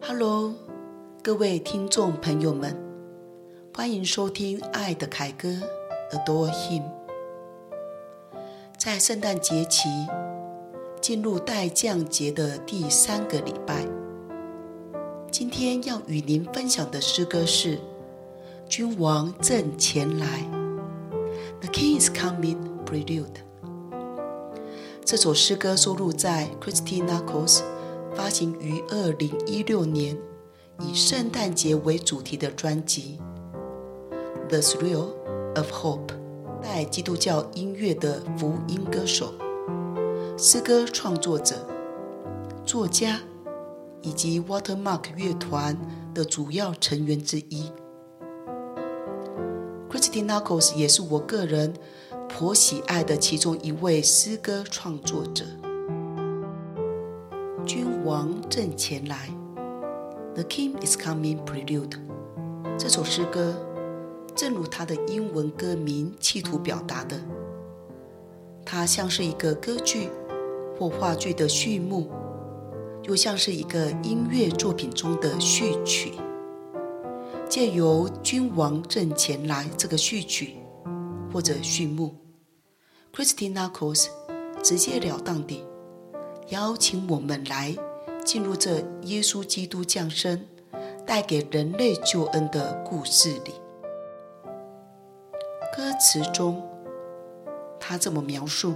哈嘍，Hello, 各位聽眾朋友們，歡迎收聽《愛的凱歌》（Adore Him）。在聖誕節期進入待降節的第三個禮拜，今天要與您分享的詩歌是《君王正前來》（The King is Coming）。Prelude。這首詩歌收錄在 Christy Nockels 發行於二零一六年，以聖誕節為主題的專輯《The Thrill of Hope》，當代基督教音樂的福音歌手、詩歌創作者、作家，以及 Watermark 樂團的主要成員之一。Christy Nockels 也是我個人頗喜愛的其中一位詩歌創作者。君王正前來，The King Is Coming Prelude。這首詩歌，正如它的英文歌名企圖表達的，它像是一個歌劇或話劇的序幕，又像是一個音樂作品中的序曲。借由“君王正前來”這個序曲或者序幕，Christy Nockels 直截了當地，邀請我們來進入這耶穌基督降生、帶給人類救恩的故事裡。歌詞中，他這麼描述：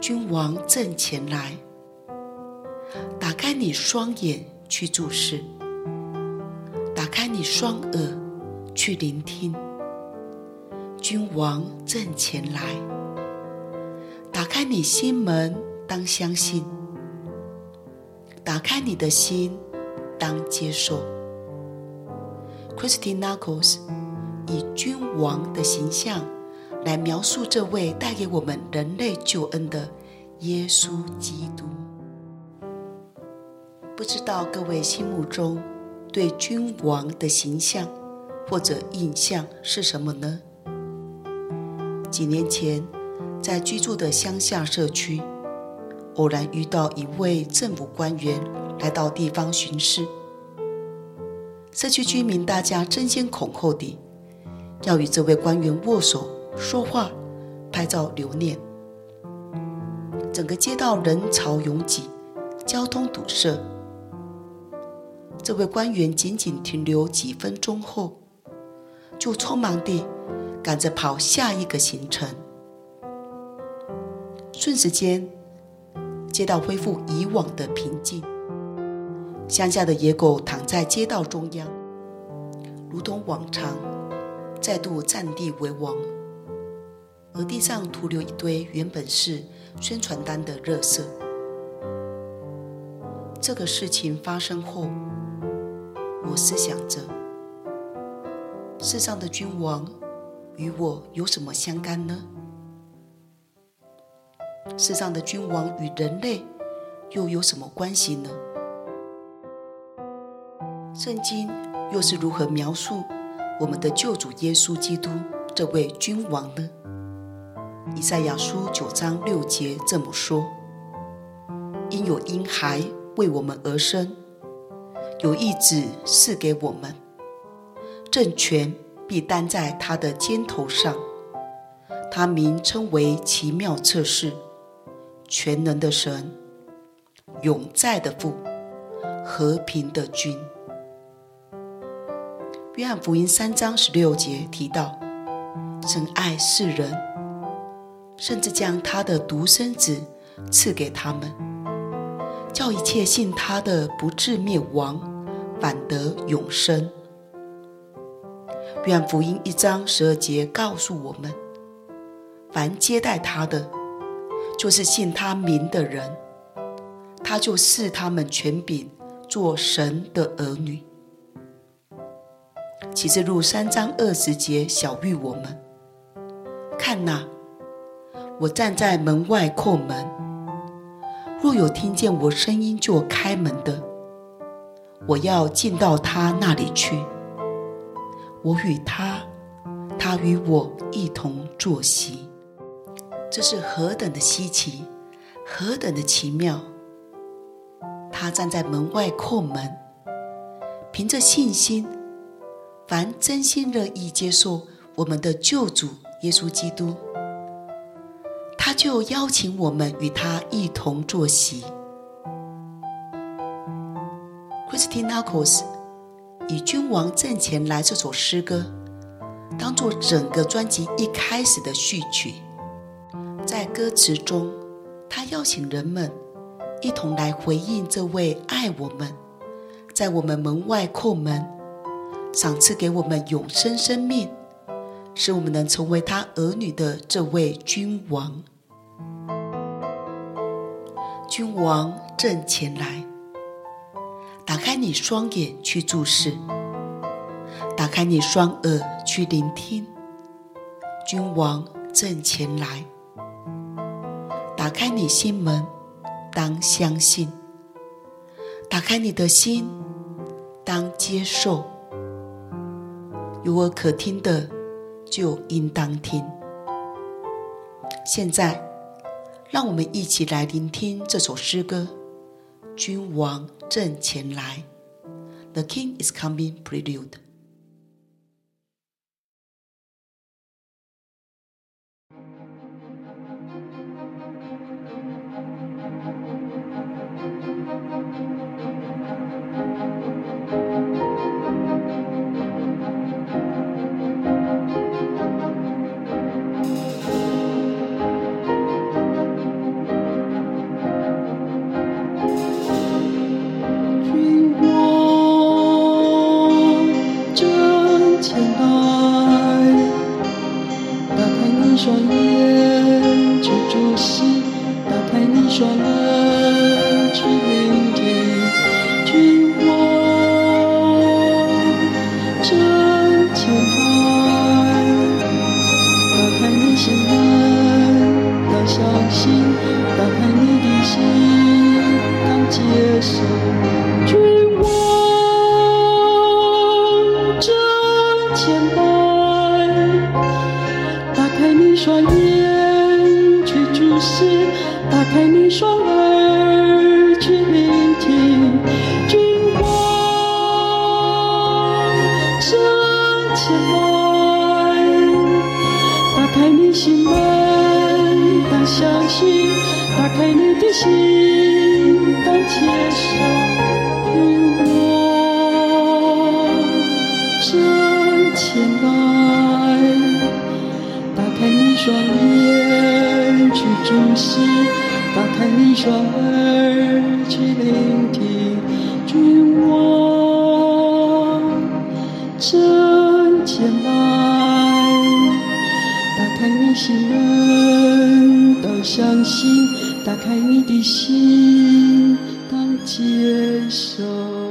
君王正前來，打開你雙眼去注視；打開你雙耳去聆聽。君王正前來，打開你心門。當相信，打開你的心，當接受。Christy Nockels 以君王的形象來描述這位帶給我們人類救恩的耶穌基督。不知道各位心目中對君王的形象或者印象是什麼呢？幾年前，在居住的鄉下社區。偶然遇到一位政府官員來到地方巡視，社區居民大家爭先恐後地要與這位官員握手、說話、拍照留念，整個街道人潮擁擠，交通堵塞。這位官員僅僅停留幾分鐘後，就匆忙地趕着跑下一個行程，瞬時間。街道恢復以往的平靜，鄉下的野狗躺在街道中央，如同往常，再度占地為王，而地上徒留一堆原本是宣傳單的垃圾。這個事情發生後，我思想着：世上的君王與我有什麼相干呢？世上的君王與人類又有什麼關係呢？聖經又是如何描述我們的救主耶穌基督這位君王呢？以賽亞書九章六節這麼說：“因有嬰孩為我們而生，有一子賜給我們，政權必擔在他的肩頭上，他名稱為奇妙策士。”全能的神，永在的父，和平的君。約翰福音三章十六節提到：“神愛世人，甚至將他的獨生子賜給他們，叫一切信他的不至滅亡，反得永生。”約翰福音一章十二節告訴我們：“凡接待他的。”就是信他名的人，他就賜他們權柄，做神的兒女。啟示錄三章二十節曉諭我們，看哪、啊，我站在門外叩門，若有聽見我聲音就開門的，我要進到他那裡去，我與他，他與我一同坐席。這是何等的稀奇，何等的奇妙！他站在門外叩門，憑着信心，凡真心樂意接受我們的救主耶穌基督，他就邀請我們與他一同坐席。Christy Nockels 以《君王正前來》這首詩歌，當作整個專輯一開始的序曲。在歌詞中，他邀請人們一同來回應這位愛我們，在我們門外叩門，賞賜給我們永生生命，使我們能成為他兒女的這位君王。君王正前來，打開你雙眼去注視，打開你雙耳去聆聽，君王正前來。開你心門，當相信；打開你的心，當接受。有耳可聽的，就應當聽。現在，讓我們一起來聆聽這首詩歌。君王正前來。The King is Coming. Prelude. 雙眼去注視，打開你雙耳去聆聽，君王站起來，打開你心門的消息，打開你的心。雙眼去注視，打開你雙耳去聆聽，君王正前來。打開你心門，到相信；打開你的心，當接受。